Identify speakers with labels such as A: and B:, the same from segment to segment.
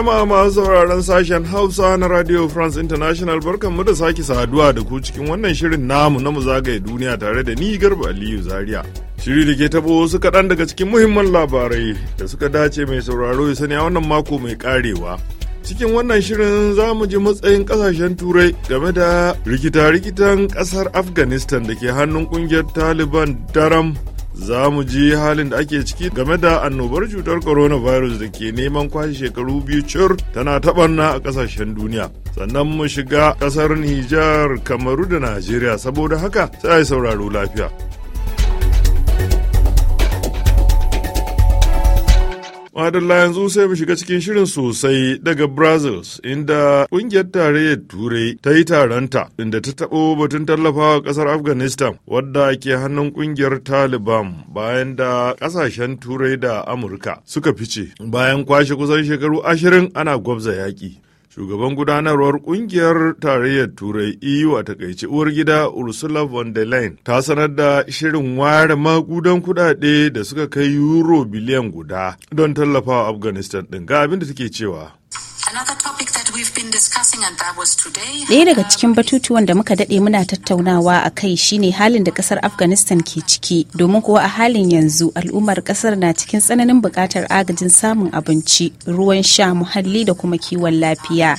A: jama'a masu sauraron sashen Hausa na Radio France International barkanmu da sake saduwa da ku cikin wannan shirin namu na mu zagaye duniya tare da ni Garba Aliyu Zaria. Shiri da ke tabo wasu kaɗan daga cikin muhimman labarai da suka dace mai sauraro ya sani a wannan mako mai karewa. Cikin wannan shirin za mu ji matsayin ƙasashen Turai game da rikita-rikitan ƙasar Afghanistan da ke hannun ƙungiyar Taliban daram za mu ji halin da ake ciki game da annobar cutar coronavirus da ke neman kwashe shekaru biyu cur tana taɓarna a ƙasashen duniya sannan mu shiga ƙasar Nijar, Kamaru da Najeriya saboda haka sai sauraro lafiya. Madalla yanzu sai mu shiga cikin shirin sosai daga Brazils inda kungiyar tarayyar Turai ta yi taronta inda ta taɓo batun tallafawa ƙasar Afghanistan wadda ke hannun kungiyar Taliban bayan da ƙasashen Turai da Amurka suka fice bayan kwashe kusan shekaru ashirin ana gwabza yaƙi. shugaban gudanarwar kungiyar tarayyar turai eu a takaice uwar gida ursula von der leyen ta sanar da shirin ware magudan kudade da suka kai euro biliyan guda don tallafawa afghanistan ɗin ga abin da take cewa Ɗaya daga
B: cikin batutuwan da muka daɗe muna tattaunawa a kai shine halin da ƙasar Afghanistan ke ciki, domin kuwa a halin yanzu al'ummar ƙasar na cikin tsananin buƙatar agajin samun abinci, ruwan sha, muhalli da kuma kiwon lafiya.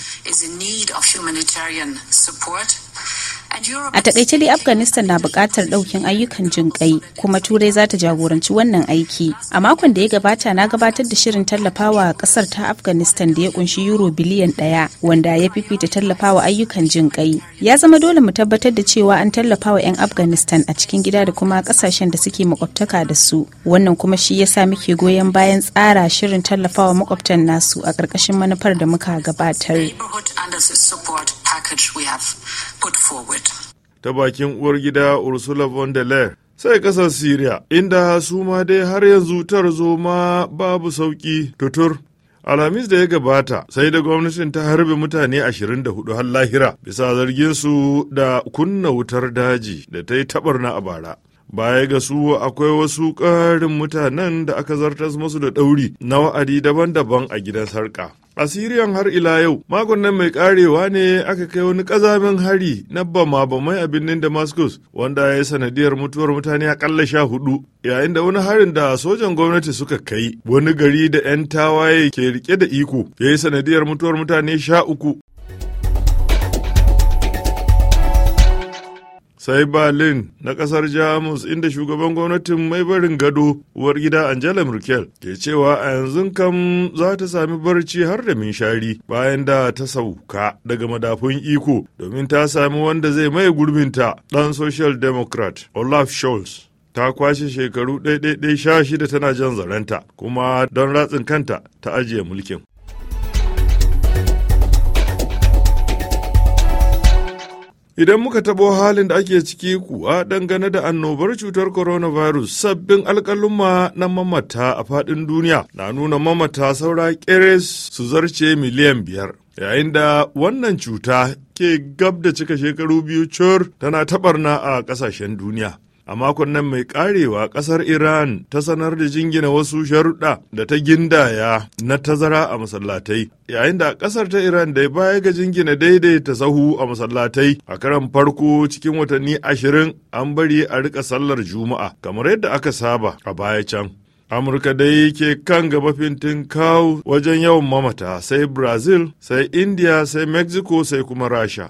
B: A takaice dai Afghanistan na bukatar daukin ayyukan jinƙai kuma Turai za ta jagoranci wannan aiki. A makon da ya gabata na gabatar da shirin tallafawa kasar ta Afghanistan da ya kunshi euro biliyan ɗaya wanda ya fifita tallafawa ayyukan jinƙai. Ya zama dole mu tabbatar da cewa an tallafawa 'yan Afghanistan a cikin gida da kuma kasashen da suke makwabtaka da su. Wannan kuma shi ya sa muke goyon bayan tsara shirin tallafawa makwabtan nasu a ƙarƙashin manufar da muka gabatar. package we have
A: put forward. Ta bakin uwar gida Ursula von der Leyen sai kasar Syria, inda su ma dai har yanzu tarzoma babu sauƙi tutur. Alhamis da ya gabata sai da gwamnatin ta harbe mutane 24 har lahira bisa zargin su da kunna wutar daji da ta yi taɓarna a bara. baya ga su akwai wasu ƙarin mutanen da aka zartas musu da ɗauri na wa'adi daban-daban a gidan sarƙa. a siriyan har ila yau magonnan mai ƙarewa ne aka kai wani ƙazamin hari na bama bamai a birnin damascus wanda ya yi sanadiyar mutuwar mutane a ƙalla sha hudu yayin da wani harin da sojan gwamnati suka kai wani gari da 'yan tawaye ke rike da iko ya yi sanadiyar mutuwar mutane sha uku sai berlin na kasar jamus inda shugaban gwamnatin mai barin gado uwar gida angela merkel ke cewa a yanzu kam za ta sami barci har da minshari bayan da ta sauka daga madafun iko domin ta sami wanda zai mai gurbinta dan social democrat olaf scholz ta kwashe shekaru ɗaiɗaiɗai sha shida tana jan zarenta kuma don ratsin kanta ta ajiye mulkin Idan muka tabo halin da ake ciki kuwa dangane da annobar cutar coronavirus sabbin alkaluma na mamata a faɗin duniya na nuna mamata saura keres su zarce miliyan biyar. Yayin da wannan cuta ke gab da cika shekaru biyu cur tana taɓarna a ƙasashen duniya. A makon nan mai karewa kasar Iran ta sanar da jingina wasu sharuɗa da ta gindaya na tazara a masallatai. Yayin da kasar ta Iran da baya ga jingina daidaita sahu a masallatai a karan farko cikin watanni ashirin an bari a rika sallar juma'a kamar yadda aka saba a baya can. Amurka da ke kan gaba fintin kawo wajen yawan mamata sai Brazil, sai India, sai Mexico, sai kuma Rasha.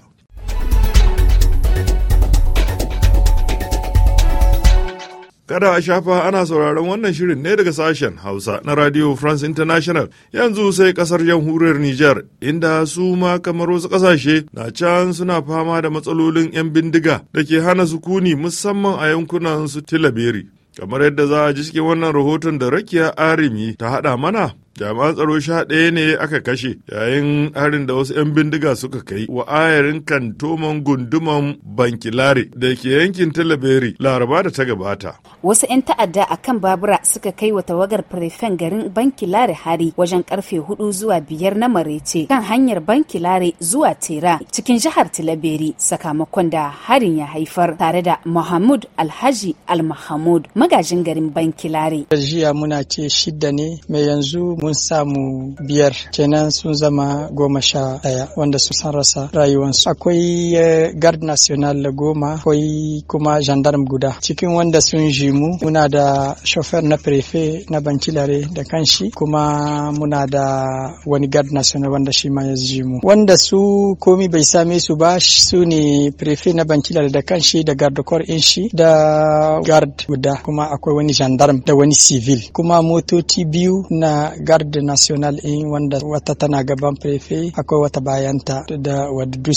A: Kada a shafa ana sauraron wannan shirin ne daga sashen Hausa na Radio France International yanzu sai kasar jamhuriyar Nijar inda su ma kamar wasu kasashe na can suna fama da matsalolin 'yan bindiga da ke hana sukuni musamman a yankunan su Tilaberi. Kamar yadda za a ji cikin wannan rahoton da Rakiya Arimi ta haɗa mana jami'an tsaro sha ɗaya ne aka kashe yayin harin da wasu 'yan bindiga suka kai wa ayarin kantoman gunduman bankilare da ke yankin talaberi laraba da ta gabata wasu
B: 'yan ta'adda a kan babura suka kai wa tawagar prefen garin bankilare hari wajen karfe hudu zuwa biyar na marece kan hanyar bankilare zuwa tera cikin jihar talaberi sakamakon da harin ya haifar tare da muhammad alhaji al mahmud magajin garin bankilare
C: jiya muna shidda ne mai yanzu mun samu biyar kenan sun zama goma sha daya wanda su san rasa rayuwansu akwai eh, guard national da goma akwai kuma gendarme guda cikin wanda sun jimu muna da chauffeur na prefe na bankilare da kanshi kuma muna da wani guard national wanda shi ma ya jimu wanda su komi bai same su ba su ne prefe na bankilare da kanshi da guard corps in shi da guard guda kuma akwai wani gendarme da wani civil kuma motoci biyu na Garde national in wanda wata tana gaban prefe akwai wata bayanta da wadda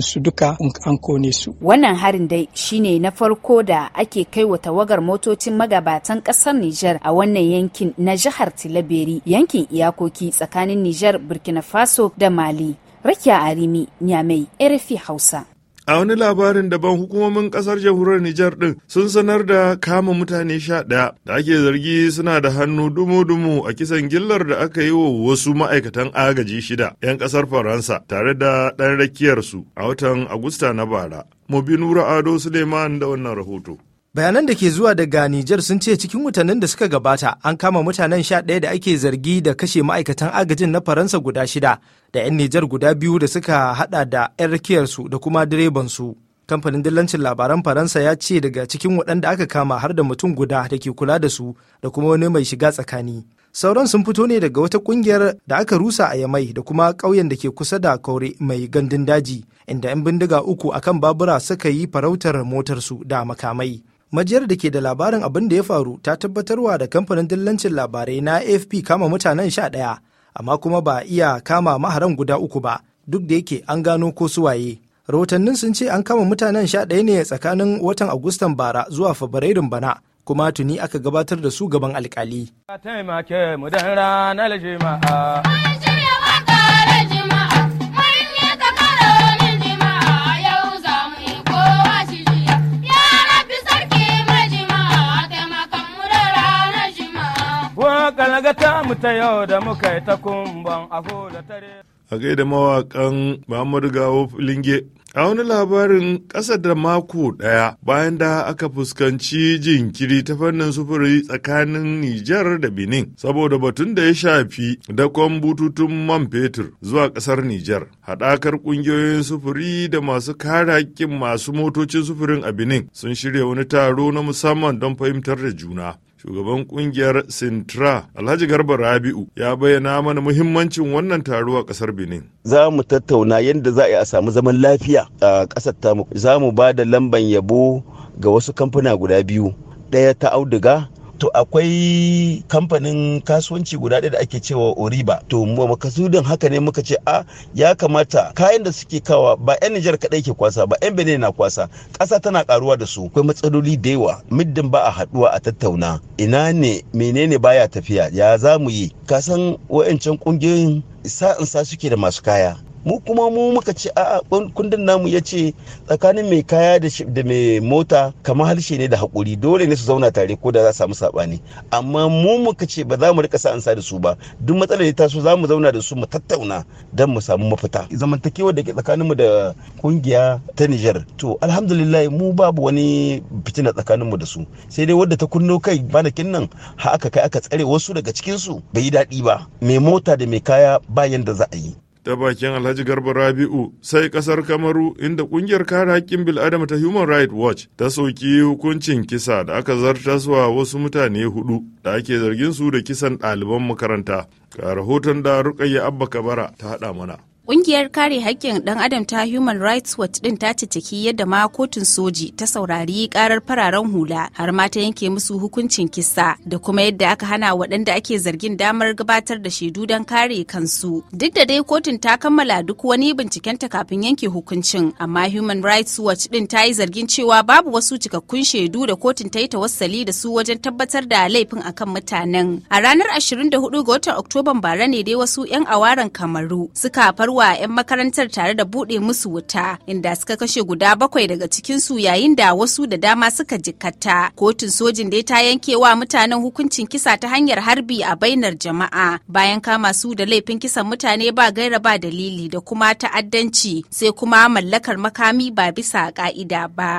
C: su duka an kone su
B: wannan harin dai shine na farko da ake kai wa tawagar motocin magabatan kasar Nijar a wannan yankin na jihar Tilaberi yankin iyakoki tsakanin Nijar Burkina Faso da Mali Rakiya Arimi, Nyamai, RFI Hausa.
A: A wani labarin daban hukumomin kasar jamhuriyar Nijar ɗin sun sanar da kama mutane sha ɗaya da ake zargi suna da hannu dumu-dumu a kisan gillar da aka yi wa wasu ma'aikatan agaji shida 'yan kasar Faransa tare da ɗan rakiyarsu a watan Agusta na bara. nura Ado Suleiman da wannan rahoto.
D: bayanan da ke zuwa daga Nijar sun ce cikin mutanen da suka gabata an kama mutanen sha ɗaya da ake zargi da kashe ma'aikatan agajin na Faransa guda shida da 'yan Nijar guda biyu da suka hada da 'yan rakiyarsu da kuma direbansu. Kamfanin dillancin labaran Faransa ya ce daga cikin waɗanda aka kama har da mutum guda da ke kula da su da kuma wani mai shiga tsakani. Sauran sun fito ne daga wata ƙungiyar da aka rusa a Yamai da kuma ƙauyen da ke kusa da Kaure mai gandun daji, inda 'yan bindiga uku akan babura suka yi farautar motarsu da makamai. majiyar da ke da labarin abin da ya faru ta tabbatarwa da kamfanin dillancin labarai na afp kama mutanen sha ɗaya amma kuma ba iya kama maharan guda uku ba duk da yake an gano ko suwaye rahotannin sun ce an kama mutanen sha ɗaya ne tsakanin watan agustan bara zuwa fabrairun bana kuma tuni aka gabatar da su gaban alkali.
A: ga tamu yau da muka yi ta kumban
D: a tare.
A: A gaida mawaƙan Muhammadu Gawo Linge. A wani labarin ƙasa da mako ɗaya bayan da aka fuskanci jinkiri ta fannin sufuri tsakanin Nijar da Benin saboda batun da ya shafi dakon bututun man fetur zuwa ƙasar Nijar. Haɗakar ƙungiyoyin sufuri da masu kare haƙƙin masu motocin sufurin a Benin sun shirya wani taro na musamman don fahimtar da juna. shugaban kungiyar Sintra Alhaji Garba Rabi'u ya bayyana mana muhimmancin wannan taro a kasar Benin.
C: Za mu tattauna yadda za a yi a samu zaman lafiya a kasar tamu. Za mu ba da lamban yabo ga wasu kamfuna guda biyu. Ɗaya ta auduga to akwai kamfanin kasuwanci guda ɗaya da ake cewa oriba to makasudin haka ne muka ce a ah, ya kamata kayan da suke kawa ba 'yan nijar kaɗai ke kwasa ba 'yan benin na kwasa ƙasa tana karuwa da su akwai matsaloli da yawa middin ba a haɗuwa a tattauna ina ne menene baya tafiya ya za mu yi kasan wa'ancan ƙungiyoyin sa suke da masu kaya mu kuma mu muka ce a kundin namu ya ce tsakanin mai kaya da mai mota kamar harshe ne da haƙuri dole ne su zauna tare ko da za samu saɓani amma mu muka ce ba za mu rika sa da su ba duk matsalar ta su za mu zauna da su mu tattauna don mu samu mafita zamantakewar da ke tsakanin mu da kungiya ta Niger to alhamdulillah mu babu wani fitina tsakanin mu da su sai dai wadda ta kunno kai banakin nan ha aka kai aka tsare wasu daga cikin su bai yi daɗi ba mai mota da mai kaya bayan da za a yi
A: ta bakin Alhaji Garba Rabi'u sai kasar Kamaru inda kungiyar kare haƙƙin bil'adama ta Human Rights Watch ta soki hukuncin kisa da aka zartaswa wasu mutane hudu da ake zargin su da kisan ɗaliban makaranta. Ga rahoton da Rukayya Abba Kabara ta haɗa mana.
B: Ƙungiyar kare haƙƙin ɗan adam ta Human Rights Watch ɗin ta ciki yadda ma kotun soji ta saurari ƙarar fararen hula har ma ta yanke musu hukuncin kisa da kuma yadda aka hana waɗanda ake zargin damar gabatar da shaidu don kare kansu. Duk da dai kotun ta kammala duk wani bincikenta kafin yanke hukuncin amma Human Rights Watch ɗin ta yi zargin cewa babu wasu cikakkun shaidu da kotun ta yi tawassali da su wajen tabbatar da laifin akan mutanen. A ranar 24 ga watan Oktoban bara ne dai wasu 'yan awaran Kamaru suka farwa wa 'yan makarantar tare da buɗe musu wuta inda suka kashe guda bakwai daga cikinsu yayin da wasu da dama suka jikkata. Kotun sojin dai ta yanke wa mutanen hukuncin kisa ta hanyar harbi a bainar jama'a bayan kama su da laifin kisan mutane ba gaira ba dalili da kuma ta'addanci sai kuma mallakar makami ba bisa ka'ida ba.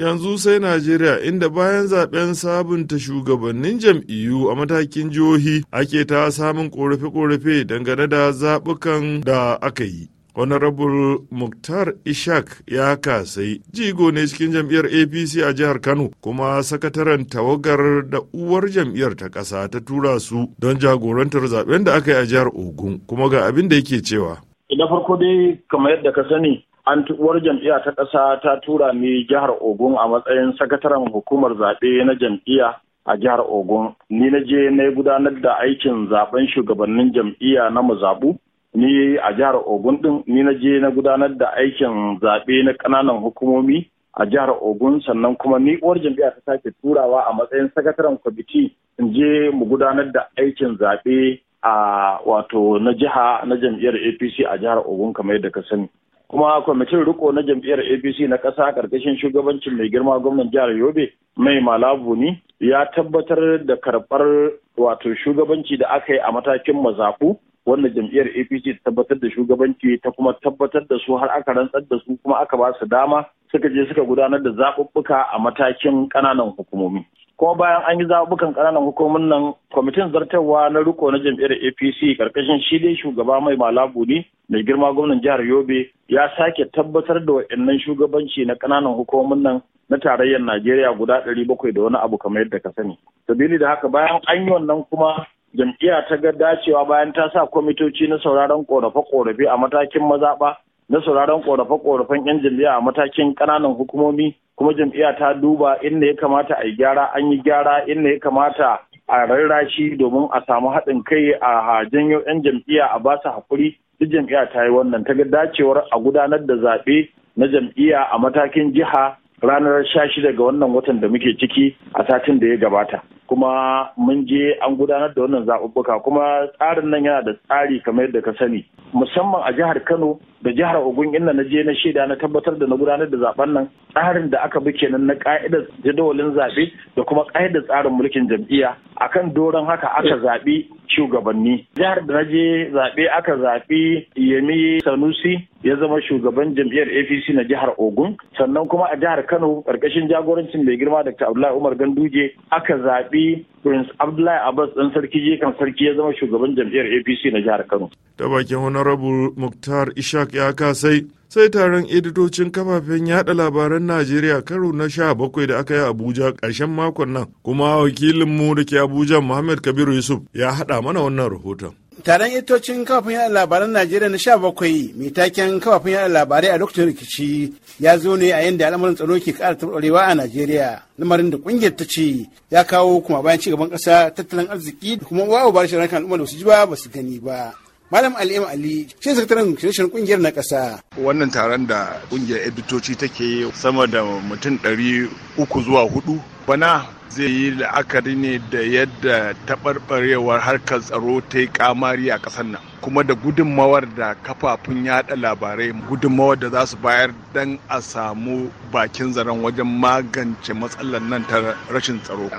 A: yanzu sai najeriya inda bayan zaben sabunta shugabannin jam'iyyu a matakin jihohi ake ta samun korafe-korafe dangane da zaɓukan da aka yi honorable muktar ishak ya kasai jigo ne cikin jam'iyyar apc a jihar kano kuma sakataren tawagar da uwar jam'iyyar ta ƙasa ta tura su don jagorantar zaben da aka yi a jihar ogun kuma ga abin da yake cewa
E: na farko dai kamar yadda ka sani an uwar jam'iyya ta ƙasa ta tura ni jihar ogun a matsayin sakataren hukumar zaɓe na jam'iyya a jihar ogun ni na je na gudanar da aikin zaɓen shugabannin jam'iyya na mazaɓu ni a jihar ogun din ni na je na gudanar da aikin zaɓe na ƙananan hukumomi a jihar ogun sannan kuma ni uwar jam'iyya ta sake turawa a matsayin sakataren kwamiti in je mu gudanar da aikin zaɓe a wato na jiha na jam'iyyar apc a jihar ogun kamar yadda ka sani kuma kwamitin riko na jam'iyyar apc na ƙasa ƙarƙashin shugabancin mai girma gwamnan jihar yobe mai malabu ne ya tabbatar da karɓar wato shugabanci da aka yi a matakin mazaku Wannan jam'iyyar apc ta tabbatar da shugabanci ta kuma tabbatar da su har aka rantsar da su kuma aka ba su dama suka je suka gudanar da zaɓuɓɓuka a matakin ƙananan hukumomi kuma bayan an yi zaɓuɓɓukan ƙananan hukumomin nan kwamitin zartarwa na riko na jam'iyyar apc ƙarƙashin shi dai shugaba mai malabu ne mai girma gwamnan jihar yobe ya sake tabbatar da wa'annan shugabanci na ƙananan hukumomin nan na tarayyar najeriya guda ɗari bakwai da wani abu kamar yadda ka sani sabili da haka bayan an yi wannan kuma jam'iyya ta ga dacewa bayan ta sa kwamitoci na sauraron korafe-korafe a matakin mazaɓa na sauraron korafe-korafen 'yan jam'iyya a matakin ƙananan hukumomi kuma jam'iyya ta duba inda ya kamata a yi gyara an yi gyara inda ya kamata a rarrashi domin a samu haɗin kai a yau 'yan jam'iyya a ba su haƙuri duk jam'iyya ta yi wannan ta ga dacewar a gudanar da zaɓe na jam'iyya a matakin jiha ranar 16 ga wannan watan da muke ciki a satin da ya gabata. kuma mun je an gudanar da wannan zaɓuɓɓuka kuma tsarin nan yana da tsari kamar yadda ka sani musamman a jihar kano da jihar ogun inda na je na shaida na tabbatar da na gudanar da zaben nan tsarin da aka bi kenan na ka'idar jadawalin zaɓe da kuma ka'idar tsarin mulkin jam'iyya akan doron haka aka eh. zaɓi shugabanni jihar da na je zaɓe aka zaɓi yemi sanusi ya zama shugaban jam'iyyar apc na jihar ogun sannan kuma a jihar kano karkashin jagorancin mai girma dr abdullahi umar ganduje aka zaɓi prince abdullahi abbas ɗan sarki jekan sarki ya zama shugaban jam'iyyar apc na jihar kano
A: ta bakin honorable muktar ishak Ishaq ya kasai sai taron editocin kafafen yada labaran Najeriya karo na sha bakwai da aka yi Abuja ƙarshen makon nan kuma wakilinmu da ke Abuja Muhammad Kabiru Yusuf ya haɗa mana wannan rahoton.
F: taron editocin kafafen yada labaran najeriya na sha bakwai mai taken kafafen yada labarai a lokacin rikici ya zo ne a yadda al'amarin tsaro ke ƙara tabbarewa a najeriya lamarin da ƙungiyar ta ce ya kawo kuma bayan cigaban ƙasa tattalin arziki da kuma wawo ba rashin al'umma da su ji ba ba su gani ba Malam Ali'im Ali shi sakataren shirin kungiyar na ƙasa. Wannan taron
C: da kungiyar editoci take sama da mutum ɗari uku zuwa hudu bana zai yi la'akari ne da yadda taɓarɓarewar harkar tsaro ta yi kamari a ƙasar nan kuma da gudummawar da kafafun yaɗa labarai gudummawar da za su bayar dan a samu bakin zaren wajen magance matsalar nan ta rashin tsaro.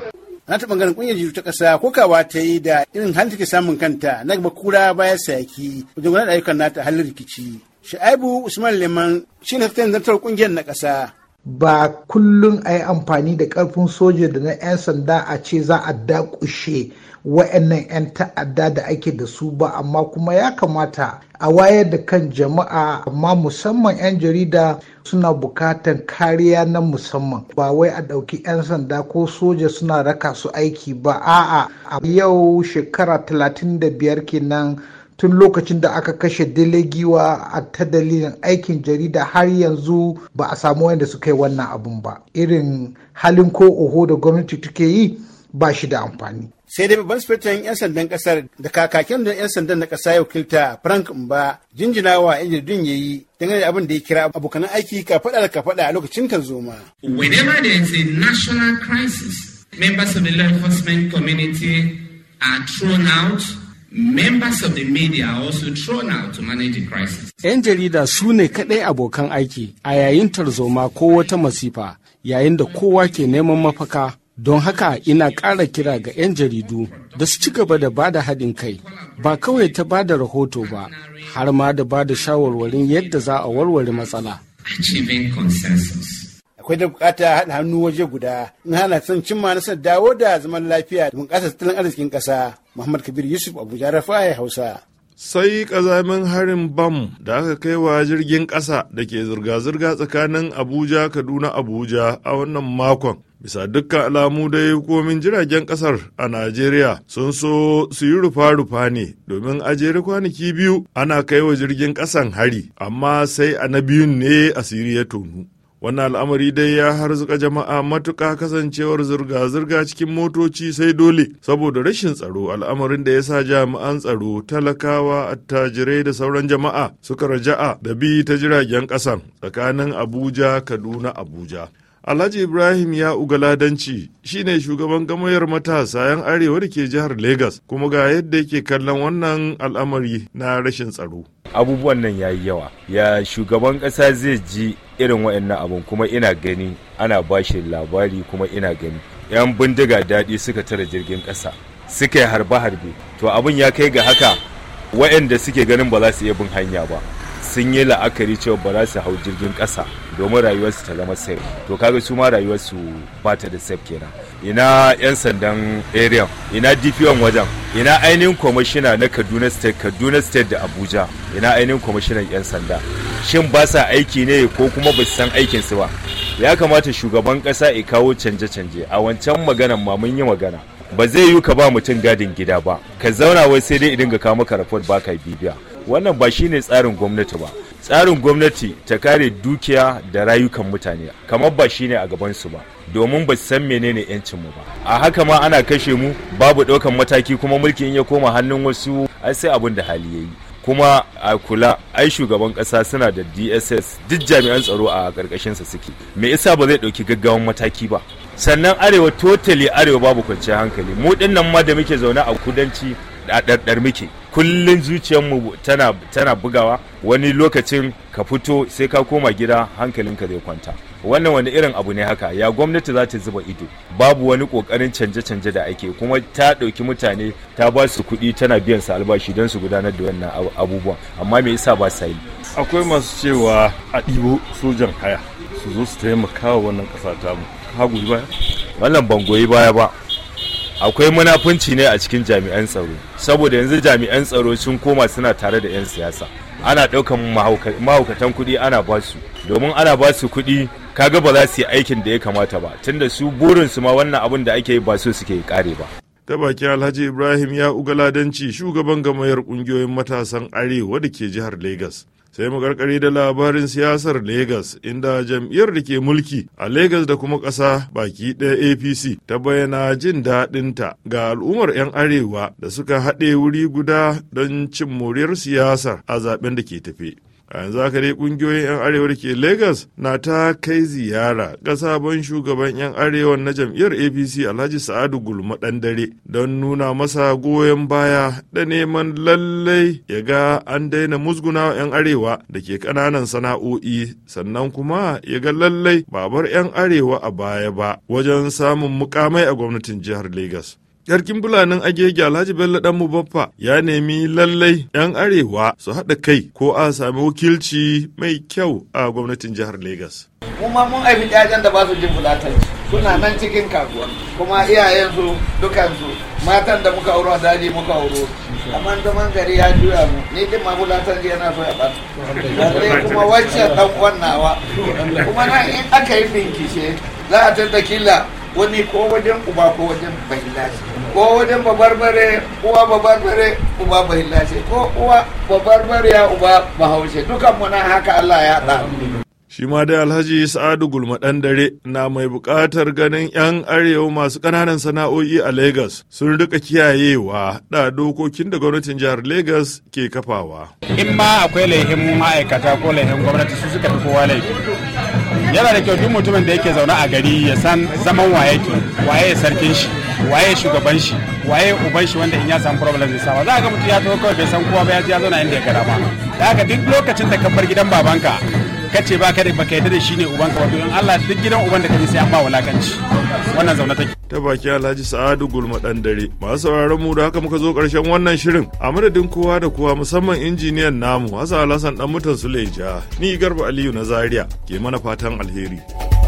F: na ta bangaren kungiyar jiru ta kasa kokawa ta yi da irin halin take samun kanta na gaba kura baya sayaki wajen gudanar da ayyukan nata halin rikici shaibu usman liman shi ne tattalin zartar kungiyar na ƙasa. ba kullum a yi amfani da ƙarfin soja da na 'yan sanda a ce za a dakushe wa'annan 'yan ta'adda da ake da su ba amma kuma ya kamata a wayar da kan jama'a amma musamman 'yan jarida suna bukatan kariya na musamman ba wai a ɗauki 'yan sanda ko soja suna raka su aiki ba a'a a yau shekara 35 kenan tun lokacin da aka kashe dele a ta dalilin aikin jarida har yanzu ba a samu wanda su kai wannan abun ba irin halin ko oho da gwamnati take yi ba shi da amfani sai dai babban sufetan 'yan sandan kasar da kakakin da 'yan sandan na kasa ya wakilta frank mba jinjina wa yan jirgin ya yi dangane da abin da ya kira abokan aiki ka faɗa da ka faɗa a lokacin kan zoma.
D: whenever there is a national crisis members of the law enforcement community are thrown out
F: 'Yan jarida su ne kaɗai abokan aiki a yayin tarzoma ko wata masifa yayin da kowa ke neman mafaka. Don haka ina ƙara kira ga 'yan jaridu da su ci gaba da ba da haɗin kai ba kawai ta ba da rahoto ba har ma da ba da shawarwarin yadda za a warware matsala. akwai da bukata haɗa hannu waje guda in hana son cimma nasarar dawo da zaman lafiya da bunƙasa tattalin arzikin ƙasa Muhammad Kabir Yusuf Abuja Rafa'a
A: Hausa. sai ƙazamin harin bam da aka kai wa jirgin ƙasa da ke zirga-zirga tsakanin abuja kaduna abuja a wannan makon bisa dukkan alamu dai hukumomin jiragen ƙasar a najeriya sun so su yi rufa-rufa ne domin a jere kwanaki biyu ana kai wa jirgin ƙasan hari amma sai a na biyun ne asiri ya tonu wannan al'amari dai ya harzuka jama'a matuka kasancewar zirga-zirga cikin motoci sai dole saboda rashin tsaro al'amarin da ya sa jami'an tsaro talakawa attajirai da sauran jama'a suka raja'a da bi ta jiragen ƙasan tsakanin abuja kaduna abuja Alhaji Ibrahim ya Ugaladanci shine shugaban gamayar matasa 'yan arewa da ke jihar Legas kuma ga yadda yake kallon wannan al'amari na rashin tsaro. Abubuwan nan ya yi yawa, ya shugaban ƙasa zai
G: ji irin na abun kuma ina gani ana bashi labari kuma ina gani. 'Yan bindiga daɗi suka tara jirgin ƙasa, suka yi harbe-harbe, to abin ya kai ga haka waɗanda suke ganin ba za su iya bin hanya ba. sun yi la'akari cewa ba za su hau jirgin kasa domin rayuwarsu ta zama safe to kaga su ma rayuwarsu ba ta da safe kenan ina 'yan sandan area ina dpo wajen ina ainihin kwamishina na kaduna state kaduna state da abuja ina ainihin kwamishinan 'yan sanda shin ba sa aiki ne ko kuma ba su san aikinsu ba ya kamata shugaban ƙasa ya kawo canje-canje a wancan maganan ma mun yi magana ba zai yi ka ba mutum gadin gida ba ka zauna wai sai dai idan ka kawo maka report ba ka bibiya wannan ba shine tsarin gwamnati ba tsarin gwamnati ta kare dukiya da rayukan mutane kamar ba shine a gabansu ba domin ba san menene yancin mu ba a haka ma ana kashe mu babu ɗaukan mataki kuma mulki in ya koma hannun wasu ai sai abin da hali yayi kuma a kula ai shugaban kasa suna da dss duk jami'an tsaro a karkashin sa suke me yasa ba zai ɗauki gaggawan mataki ba sannan arewa totally arewa babu kwanciyar hankali mu dinnan ma da muke zaune a kudanci a ɗarɗar muke kullum zuciyarmu tana tana bugawa wani lokacin ka fito sai ka koma gida hankalinka zai kwanta wannan wani irin abu ne haka ya gwamnati za ta zuba ido babu wani kokarin canje-canje da ake kuma ta ɗauki mutane ta ba su kuɗi tana biyan su albashi don su gudanar da wannan abubuwan amma me yasa ba sa yi akwai masu cewa a ɗibo sojan haya su zo su taimaka wa wannan kasa ta mu hagu baya wannan ban goyi baya ba akwai munafunci ne a cikin jami'an tsaro saboda yanzu jami'an tsaro sun koma suna tare da 'yan siyasa ana ɗaukan mahaukatan kuɗi ana ba su domin ana ba su kuɗi kaga ba za su yi aikin da ya kamata ba tunda su burinsu ma wannan abin da ake yi ba su suke kare ba
A: ta baki alhaji ibrahim ya ugaladanci shugaban gamayar kungiyoyin matasan arewa da ke jihar lagos sai mu karkare da labarin siyasar Legas inda jam'iyyar da ke mulki a Legas da kuma ƙasa baki ɗaya APC ta bayyana jin daɗinta ga al'ummar 'yan arewa da suka haɗe wuri guda don cin moriyar siyasar a zaben da ke tafe. a yanzu haka dai kungiyoyin 'yan arewa da ke lagos na ta kai ziyara ga sabon shugaban 'yan arewa na jam'iyyar apc alhaji sa'adu gulma dan dare don nuna masa goyon baya da neman lallai ya ga an daina musguna 'yan arewa da ke kananan sana'o'i sannan kuma ya ga lallai babar 'yan arewa a baya ba wajen samun mukamai a gwamnatin jihar lagos Yarkin bulanin Agege Alhaji Bello Dan Mubaffa ya nemi lallai 'yan arewa su haɗa kai ko a sami wakilci mai kyau a gwamnatin jihar Legas.
C: Kuma mun aiki yajen da ba su jin bulatanci suna nan cikin kaguwa kuma iyayensu dukansu matan da muka auro daji muka auro amma zaman gari ya juya mu ni din ma bulatanci yana so ya ɓata. kuma wacce ɗan
F: wannawa kuma
C: nan in aka yi bincike za a tattakila kila wani ko wajen uba ko wajen bai lashe ko wajen babarbare uwa babarbare uba ce ko uwa ya uba bahaushe dukan muna haka Allah ya
A: haɗa. Shi ma dai Alhaji Sa'adu Gulmaɗan dare na mai buƙatar ganin 'yan arewa masu ƙananan sana'o'i a Legas sun rika kiyayewa da dokokin da gwamnatin jihar Legas ke kafawa.
F: In ma akwai laifin ma'aikata ko laifin gwamnati su suka fi kowa laifi. Yana da kyau duk mutumin da yake zaune a gari ya san zaman waye ke, waye sarkin shi. waye shugaban shi waye uban shi wanda in ya samu problem zai sama za ka ga mutum ya taho kawai bai san kowa ba ya ji ya zauna inda ya gara ba da haka duk lokacin da ka bar gidan babanka ka ce ba ka da baka yadda da shi ne ubanka wato in Allah duk gidan uban da ka sai an ba wulakanci wannan zaune take
A: ta baki Alhaji Sa'adu Gulma dan dare masu sauraron mu da haka muka zo karshen wannan shirin a madadin kowa da kowa musamman injiniyan namu Hassan Alhassan dan mutan Suleja ni Garba Aliyu na Zaria ke mana fatan alheri